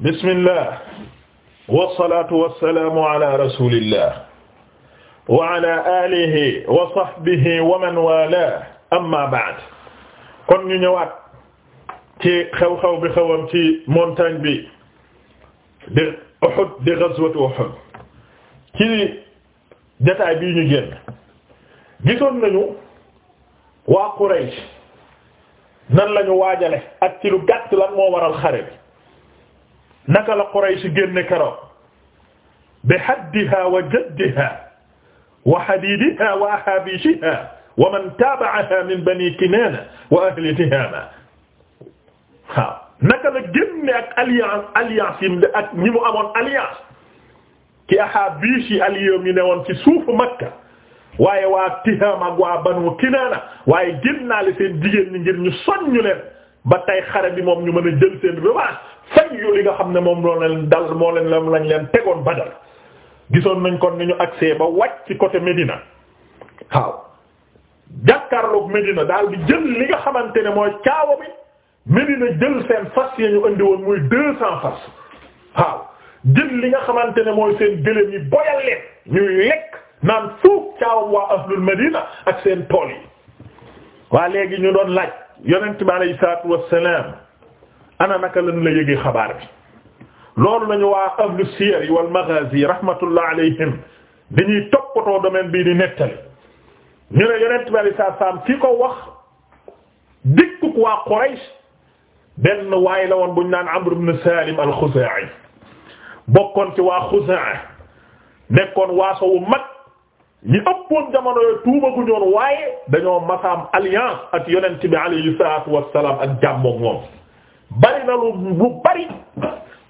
bismillah wasalaatu wasalaamu ala rasulillah wa ala alihi wa sahbihi wa man wala amma ba'd kon ñu ñëwaat ci xew-xew bi xewam ci montagne bi di Uhud di ghazwatu Uhud ci jotaay bii ñu génn gisoon nañu waa Quraysh nan lañu waajale ak ci lu gàtt lan moo waral xare bi naka la Quraysh génne keroog bi haddiha wa jaddiha wa hadidiha wa ahabishiha wa man taaba'aha min bani Kinana wa ahli Tihama waaw naka la génne amoon alliance ki ahabish yi alliés yi newoon ci suufu Makka waaye waa Tihama ak waa banu Kinana waaye génnaale seen jigéen ñi ngir ñu soññu leen ba tey xare bi moom ñu mën a jël seen revanche fay yu li nga xam ne moom loolu leen dal moo leen lam lañ leen tegoon Badar gisoon nañ kon ni ñu accès ba wàcc côté Médina waaw jàkkaarloog Médina daal di jël li nga xamante ne mooy caawa bi Médina jël seen fas ya ñu indi woon muy deux cents fas waaw jël li nga xamante ne mooy seen gëléem yi boyal leen ñuy lekk naan suuf caawa waa ahlul Médina ak seen tool yi waa léegi ñu doon laaj yonent bi alayhi salaatu wassalaam ana naka lañu la yëgee xabaar bi loolu lañu waa ahlu siyar wal maghaazi rahmatullah alayhim dañuy toppatoo domaine bii di nettali ñu ne yonent bi alayhi salaatu wassalaam ki ko wax dikkuk waa Quraysh benn waay la woon bu ñu naan Amr ibn Salim al-Khuzaa'i bokkoon ci waa Khuzaa nekkoon waaso wu mag ñi ëppoon jamono yooyu tuuba gu ñoon waaye dañoo masaam alliance ak yonent bi alayhi salaatu wassalaam ak jàmmoog moom bari na lu lu bari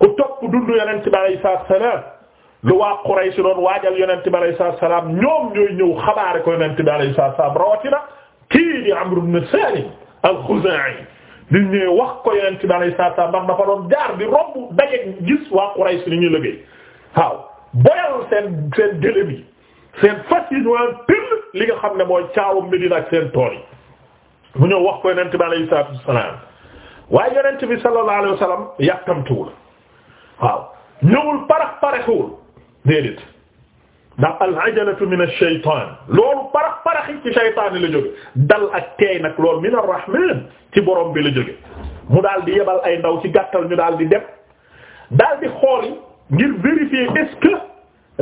ku topp dundu yonent bi alayhi salaatu lu waa Quraysh doon waajal yonent bi alayhi salaatu wassalaam ñoom ñooy ñëw xabaare ko yonent bi alayhi salaatu rawatina kii di Amr ibn Salim al-Khuzaa'i di ñëw wax ko yonent bi alayhi salaatu wassalaam ndax dafa doon jaar di romb daje gis waa Quraysh ni ñuy liggéey waaw boyal seen seen seen fas yi ñu li nga xam ne mooy caawu Medina ak seen tool yi mu ñëw wax ko yonent bi alayhi salaatu wassalaam waaye yonent bi sallallahu alayhi wasallam yàkkamtuwul waaw ñëwul parax paraxuwul déedéet ndax al-ajalatu min ash-shaytaan parax paraxi ci shaytaan yi la jóge dal ak teey nag min ar-rahmaan ci borom bi la mu daal di yebal ay ndaw ci gàttal ñu daal di dem daal di xool ngir vérifier est-ce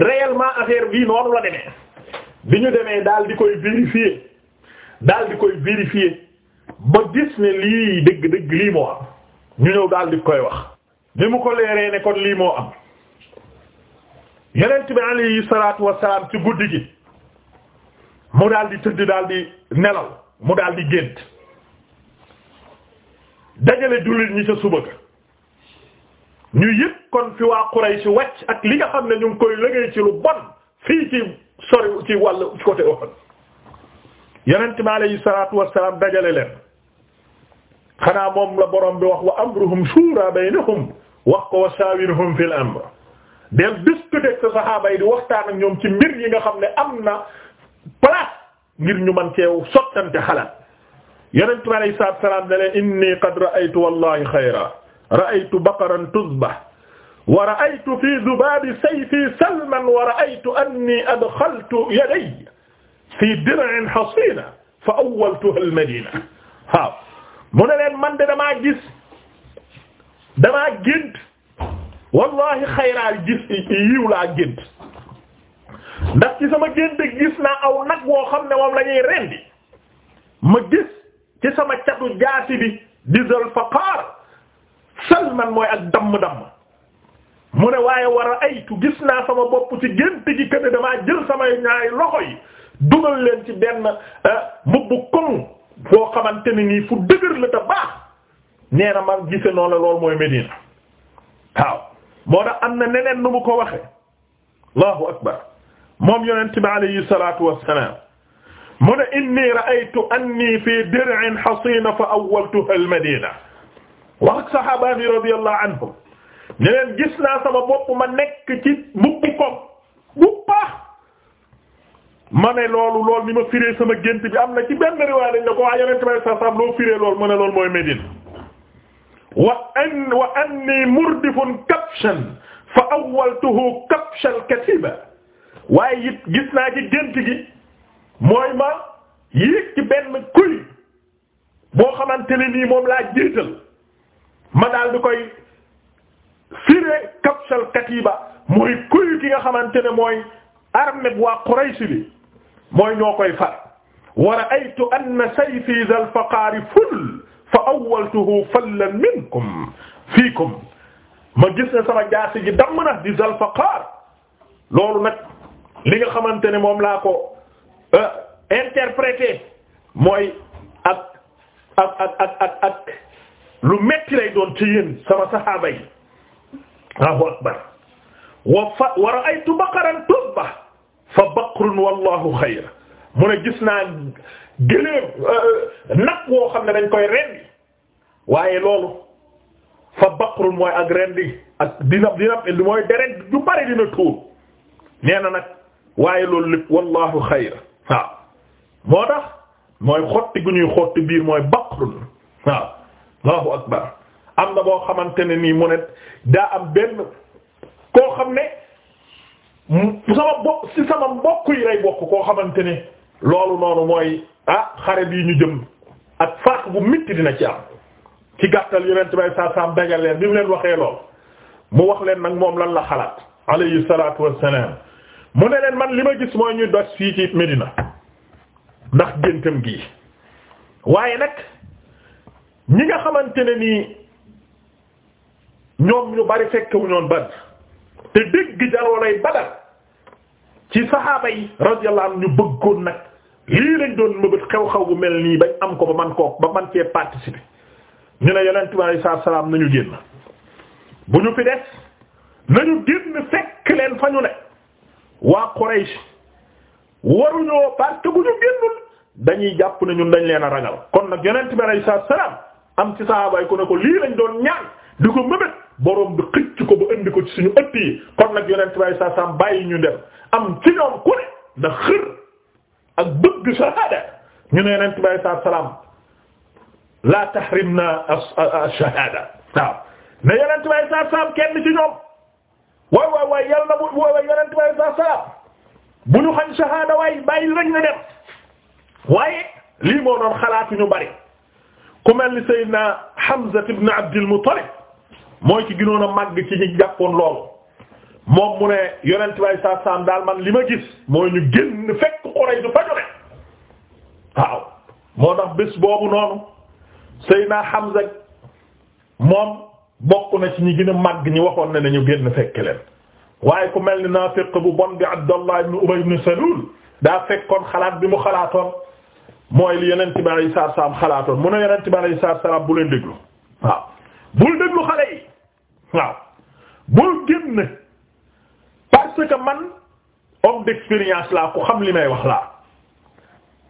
réellement affaire bii noonu la demee bi ñu demee daal di koy vérifier daal di koy vérifier ba gis ne lii dëgg-dëgg lii moo am ñu ñëw daal di koy wax bi mu ko leeree ne kon lii moo am yenent bi alayhi salaatu wassalaam ci guddi gi mu daal di tëdd daal di nelaw mu daal di gént dajale jullit ñi ca suba ga ñu yëg kon fi waa Quraysh wàcc ak li nga xam ne ñu ngi koy liggéey ci lu bon fii ci sori ci wàllu côté Uhud yonent mi alayhi salaatu wassalaam dajale leen xanaa moom la borom bi wax wa amruhum shura baynahum wax ko wa shawirhum fil amr del waxtaan ak ñoom ci mbir yi nga xam ne am na place ngir ñu man ceew sottante xalaat yonent mi alayhi salaatu wassalaam ne leen inni qad ra'aytu wallahi xayra ra'aytu baqaran tuzbah wa ra'aytu fi zubabi sayfi salman wa ra'aytu anni adxaltu yaday fi dir'in hasina fa awwaltuha al-madina waaw mu ne leen man de damaa gis damaa gént wallahi xayraal gis yiw laa gént ndax ci sama gént gis naa aw nag woo xam ne moom la ñuy rendi ma gis ci sama catu jaasi bi di Zulfaqaar salman mooy ak damm-damm mu ne waaye war a aytu gis naa sama bopp ci gént gi kën damaa jël samay ñaari loxo yi dugal leen ci benn euh, mbubb koŋ foo xamante ne nii fu dëgër la te baax nee na ma gise noonu la loolu mooy Medina waaw moo tax am na neneen nu mu ko waxe allahu akbar moom yonent bi alayhi salatu wassalam mu ne inni ra'aytu anni fi dir'in hasina fa awwaltuha al-Madina wax ak saxaaba yi radiyallahu anhum ne leen gis naa sama bopp ma nekk ci mukk koom bu baax ma ne loolu lool ni ma firee sama gént bi am na ci benn riwaay dañ ne ko waa yonent bi sa sam loo firee loolu ma ne loolu mooy Médine wa an wa anni murdifun kabshan fa awwaltuhu kabshal katiba waaye it gis naa ci gént gi mooy ma yéeg ci benn kuy boo xamante ne nii moom laa jiital ma bi koy firé kapsal katiba mooy kuy ki nga xamante ne mooy armée waa Quraysh bi mooy ñoo koy far wa ra'aytu anna sayfi dhal faqaari ful fa awwaltuhu fallan minkum fiikum ma gis ne sama jaasi ji damm na di dhal faqaar loolu nag li nga xamante ne moom laa ko euh, interprété mooy ak ak ak ak. lu metti lay doon ci yéen sama saxaaba akbar wa fa wa tubba fa baqrun wallahu xayr mu ne gis naa gëléem euh, nag xam ne dañ koy rendi waaye loolu fa baqrun mooy ak rendi ak dina mooy deret ju bari dina tuur nee na nag waaye loolu lépp wallahu xayr waaw moo tax mooy xotti gu xotti biir mooy baqrun Allahu akbar am na boo xamante ne nii mu ne daa am benn koo xam ne sama bokk ci sama mbokk yi lay bokk koo xamante ne loolu noonu mooy ah xare bii ñu jëm ak faat bu mitti dina ci am ci gàttal yonent bay saa saam dagal leen bi mu leen waxee lool mu wax leen nag moom lan la xalaat alayhi salaatu wassalaam mu ne leen man li ma gis mooy ñu dos fii ci Medina ndax géntam gii waaye nag ñi nga xamante ne nii ñoom ñu bari fekkewuñu woon Badr te dégg jaloolay Badr ci saxaaba yi radiyallahu anhum ñu bëggoon nag lii lañ doon mëbët xew-xew bu mel nii bañ am ko ba man koo ba man cee participer ñu ne yonent bi alayhi salaatu salaam nañu génn bu ñu fi des nañu génn fekk leen fa ñu ne waa Quraysh waruñoo parce bu ñu génnul dañuy jàpp ne ñun dañ leen a ragal kon nag yonent bi alayhi salaatu salaam am ci sahaaba yi ku ne ko lii lañ doon ñaan di ko mëbët boroom bi xëcc ko ba indi ko ci suñu ëtt yi kon nag yonent bay sa sam bàyyi ñu dem am ci ñoom ku ne da xër ak bëgg shahada ñu ne yonent bay sa salaam la tahrimna ash-shahada waaw ne yonent bay sa sam kenn ci ñoom waay waay waay yàlla na bu waay yonent bay sa salaam bu ñu xañ shahada waay bàyyi lañ ñu dem waaye lii moo doon xalaatu ñu bari ku mel ni Seydina Hamza ibn Abdul Muttalib mooy ci ginoon a màgg ci ñi jàppoon loolu moom mu ne yonent bay saa saam daal man li ma gis mooy ñu génn fekk Quraysh du fa jóge waaw moo tax bés boobu noonu Seydina Hamza moom bokk na ci ñi gën a màgg ñi waxoon ne ñu génn fekk leen waaye ku mel ni naafiq bu bon bi Abdallah ibn Ubay ibn Salul daa fekkoon xalaat bi mu xalaatoon mooy li yeneen tubaab yi saa saam xalaatoon mu ne yeneen tubaab yi saa saam bu leen déglu waaw bul déglu xale yi waaw bul génn parce que man homme d'expérience laa ku xam li may wax laa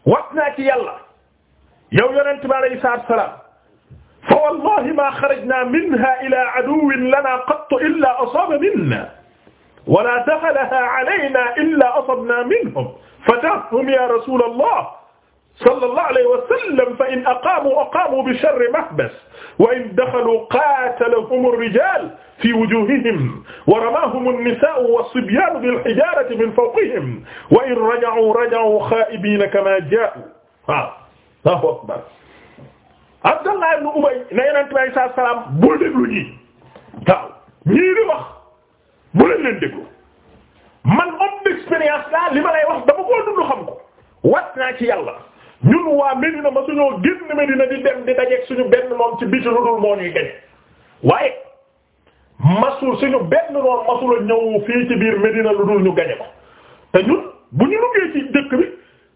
wax naa ci yàlla yow yeneen tubaab yi saa saam fa wallahi ma xarajna minha ila aduwwin lana qattu illa asaba minna wala daxalaha alayna illa asabna minhum fatahum ya rasul allah sallallahu alayhi wa sallam fa in aqaamu aqaamu bi sharri mahbas wa in daxalu qaatalahum ar-rijaal fi wujuuhihim wa ramaahum an-nisaa'u was-sibyaanu bil-hijaarati min fawqihim wa in raja'uu raja'uu xaa'ibiina kamaa jaa'uu waaw Allahu akbar Abdallah ibn Ubay ne Yonent bi alayhi salaatu wa salaam bul déglu ñii waaw ñii di wax bu leen leen déglu man homme d'expérience la li ma lay wax dama ko dund xam ko wat naa ci yàlla ñun waa Medina ma suñoo génn Medina di dem di dajeeg suñu benn noon ci biti lu dul moo ñuy gañ waaye masul suñu benn noon masul a ñëw fii ci biir Medina lu dul ñu gañe ko te ñun bu ñu duggee ci dëkk bi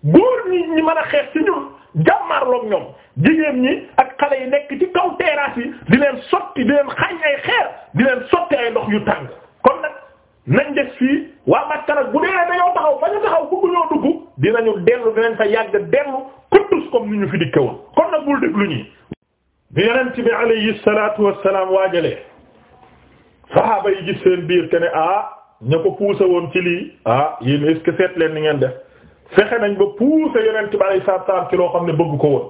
góor ñi ñi man a xeex ci ñun jàmmarloog ñoom jigéen ñi ak xale yi nekk ci kaw terrasse yi di leen sotti di leen xañ ay xeer di leen sotti ay ndox yu tàng kon nag nañ des fii waa Makka nag bu dee dañoo taxaw fa ñu taxaw bëgg ñoo dugg dinañu dellu dinañ fa yàgg dellu kuddus comme ni ñu fi dikke woon kon nag bul déglu ñi bi yonent bi alayhi salaatu wassalaam waajalee saxaaba yi gis seen biir te ne ah ña ko puusa woon ci lii ah yéen est-ce seet leen ni ngeen def fexe nañ ba puusa yonent bi alayhi salaatu wassalaam ci loo xam ne bëgg ko woon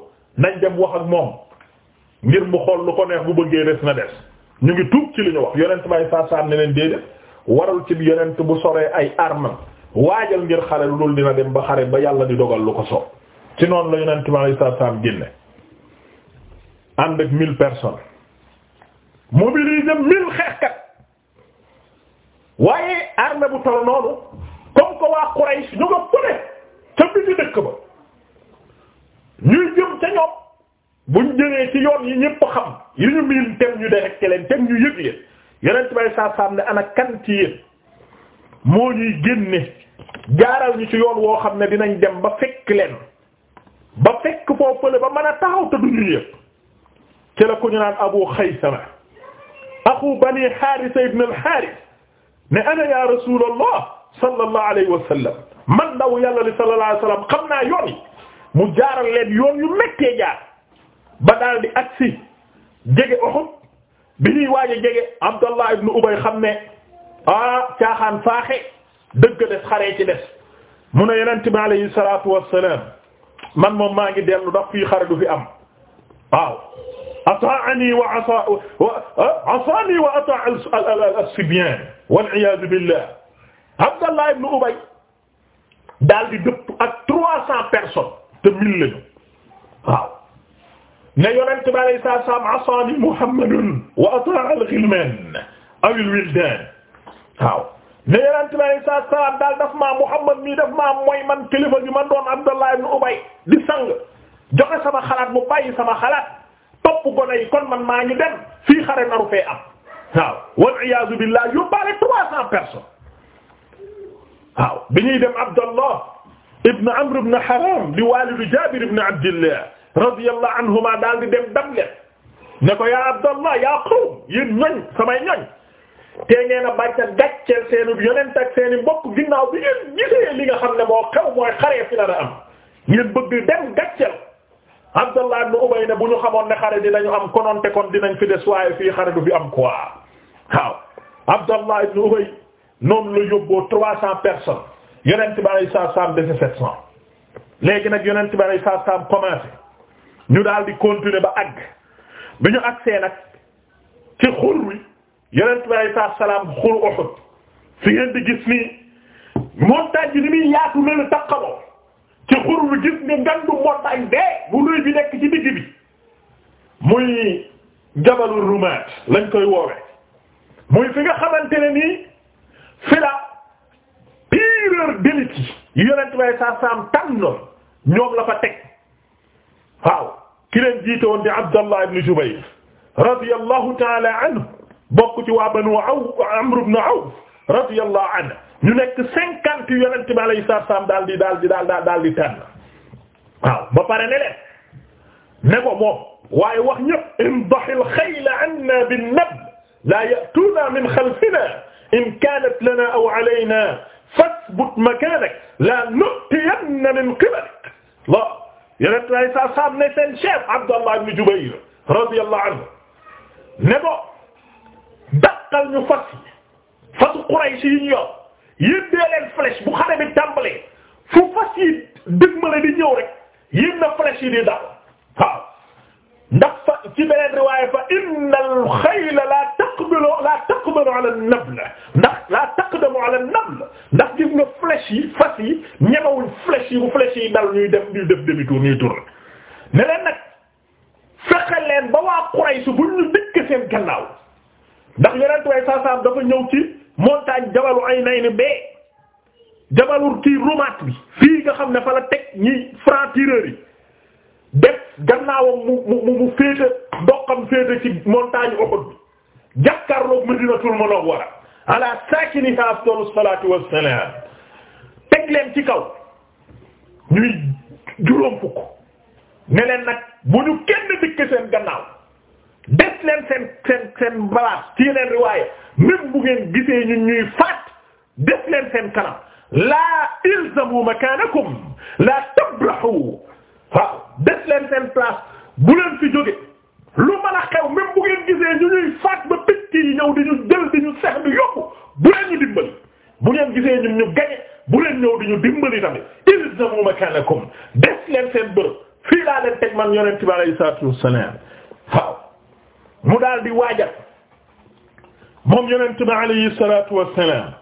nañ dem wax ak moom ngir mu xool lu ko neex bu bëggee des na des ñu ngi tuub ci li ñu wax yonent bi alayhi salaatu wassalaam ne leen déedéet warul ci bi yonent bu soree ay armam waajal ngir xare lu dul dina dem ba xare ba yàlla di dogal lu ko soob ci noonu la yonent bi alayhi salaatu salaam génne ànd ak mille personnes mobiliser mille xeexkat waaye armée bu toll noonu comme que waa Quraysh ñu nga pëne ca biti dëkk ba ñuy jëm ca ñoom buñ jëlee ci yoon yi ñépp xam yi ñu miin tem ñu directé leen tem ñu yëg leen yonent bi alayhi salaatu salaam kan ci yéen moo ñuy jaaral ñu ci yoon woo xam ne dinañ dem ba fekk leen ba fekk foofale ba mën a taxaw te duñu yëpp ci la ku ñu naan Abu Xaysama axu bani Haarisa ibn al ne ana ya Rasuulallah sallallahu alayhi wa sallam man daw yàlla li sallallahu alayhi wa sallam xam naa yoon yi mu jaaral leen yoon yu méttee jaar ba daal di agsi jege Uhud bi ñuy waaje jege Abdallah ibn Ubay xam ne ah caaxaan faaxe dëgg des xaree ci des mu ne yonent bi alayhi salaatu wassalaam man moom maa ngi dellu ndax fii xare du fi am waaw ataani wa asa wa asaani wa ataa as-sibyaan wal iyaadu billah Abdallah ibn Ubay daal di dëpp ak trois cents personnes te mille lañu waaw ne yonent bi alayhi salaatu wassalaam asaani Muhammadun wa ataa al-ghilmaan aw al-wildaan waaw ne yonent bi alayhi salaatu salaam daal daf maa Muhammad mii daf mooy man kilifa bi ma doon Abdallah ibn Ubay di sang joxe sama xalaat mu bàyyi sama xalaat topp gone yi kon man maa ñu dem fii xare naru fee am waaw wal iyaazu billah yóbbaale trois cents personnes waaw bi dem Abdallah ibn Amr ibn Haram di waalidu Jaabir ibn Abdillah radiyallahu anhuma daal di dem dam leen ne ko ya Abdallah yaa qawm yéen ñoñ samay ñoñ te ngeen a bàyyi ca gàcceel seeni yonent ak seeni mbokk ginnaaw bi ngeen gisee li nga xam ne moo xew mooy xaree fi la na am ngeen bëgg dem gàcceel Abdallah ibn Ubay ne bu ñu xamoon ne xare lañu am konoon te kon dinañ fi des waaye fii xare du bi am quoi waaw Abdallah ibn Ubay noonu la yóbboo trois cents personnes yonent bi alayhi salaam dese sept cents léegi nag yonent bi alayhi salaam commencé ñu daal di continuer ba àgg bi ñu àggsee nag yeneen bi alei salaatu salaam xuru Uhud fi ngeen di gis nii montagne bi ni muy yaatu na la taqaloo ci xur bi gis nga ngandu montagne bee bu luy bi nekk ci digg bi muy jabalu rumaat lañ koy woowe muy fi nga xamante ne nii fi la pire d'élite yi yonent bi alei salaatu salaam tànnoon ñoom la fa teg waaw ki leen jiite woon di Abdallah ibn Jubayr radiyallahu ta'ala anhu bokk ci waa banu Awf Amr ibn Awf radiyallahu anhu ñu nekk cinquante yonent bi alayhi salaam daal di daal di daal daal di tànn waaw ba pare ne leen ne ko moom waaye wax ñëpp indahil xayla anna bin nab la ya'tuna min xalfina in kanat lana aw alayna fasbut makanak la nu'tiyanna min qibalik la yonent bi alayhi salaam ne seen chef Abdallah ibn Jubayr radiyallahu anhu ne ko dàqal ñu fas fasu Quraysh yi ñu yor yéen dee bu xare bi tàmbalee fu fas yi di ñëw rek yéen na flèche yi di dal waaw ndax fa ci beneen fa innal xayla la taqbilu la taqbilu ala nabla ndax la taqdamu ala ndax gis nga yi fas yi ñemewuñ flèche yi bu flèche yi dal ñuy def ñuy def demi tour ñuy ne leen nag fexe ba waa Quraysh bu ñu dëkk seen ndax yeneen way saasaam dafa ñëw ci montagne jabalu ay nay ni bee jabalu kii rumaat bi fii nga xam ne fa la teg ñi francs-tireurs yi def gannaawam mu mu mu féete doxam féete ci montagne Uhud bi jàkkaarloog Madinatul Munawwara ala sakiniha afdalu salaatu wassalaam teg leen ci kaw ñuy juróom fukk ne nag bu ñu kenn dikk seen gannaaw des seen seen seen balance ci yeneen riwaaye même bu ngeen gisee ñun ñuy faat des leen seen kanam laa ilzamu makanakum laa tabrahu waaw des leen seen place bu leen fi jóge lu mën a xew même bu gisee ñu ñuy faat ba picc yi ñëw di ñu jël di ñu sex di yokku bu leen ñu dimbali bu ñu gañe bu leen ñëw di ñu dimbali tamit ilzamu makanakum des leen seen bërëb fii laa leen teg man yonent bi alayhi salaatu wassalaam waaw mu daal di waajal moom yonent bi alayhi salaatu wassalaam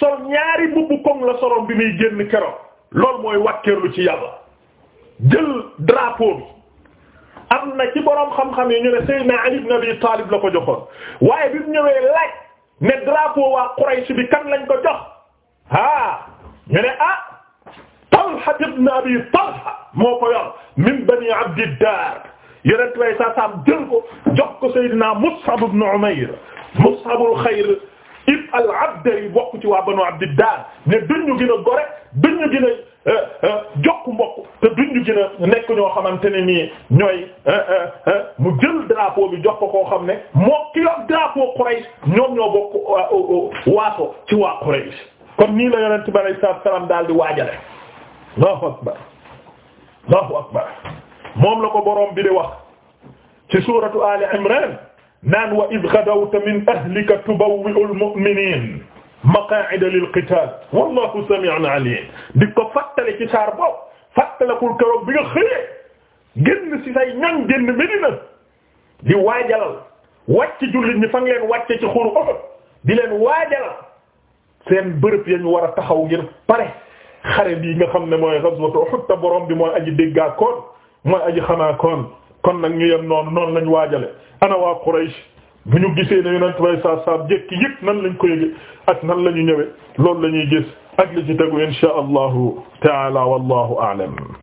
sol ñaari bu kom la soroon bi muy génn keroog loolu mooy wàkkeerlu ci yàlla jël drapeau bi na ci boroom xam-xam yi ñu ne Seydina Ali ibn Abi la ko joxoon waaye bi mu ñëwee laaj ne drapeau waa Quraysh bi kan lañ ko jox a ñu ne ah Talha ibn Abi Talha moo ko yor min Bani Abdiddar yeneen way sa sam jël ko jox ko Seydina Mus'ab ibn Umayr Mus'abul xayr ib al abda yi bokk ci waa Banu Abdiddar ne duñu gën a gore duñu gën a euh, euh, jokk mbokk te duñu gën a nekk ñoo xamante ne nii ñooy euh, mu jël drapeau bi jox ko koo xam ne moo ki yor drapeau Quraysh ci wa Quraysh kon nii la yonent bi alayhi daal di waajale Allahu akbar Allahu akbar moom la ko boroom bi di wax ci suuratu Ali Imran naan wa iz ghadawta min ahlika tubawwi'ul mu'miniina maqaa'ida lil qitaal wallaahu samii'un aliim di ko fàttali ci saar boobu fàttalikul keroog bi nga xëyee génn ci say ñoñ génn Medina di waajalal wàcc jullit ñi fa nga leen wàcce ci xuru Uhud di leen waajalal seen bërëb ya ñu war a taxaw ngir pare xare bii nga xam ne mooy ghazwatu Uhud te boroom bi mooy aji dégg ak koon mooy aji xanaa kon kon nag ñu yem noonu noonu lañ waajale ana waa Quraysh bu ñu gisee ne yonent bay saa saab jëkki yëpp nan lañ ko ak nan la ñu ñëwee loolu la ñuy gis ak li ci tegu inshaa allahu taala wallahu aalam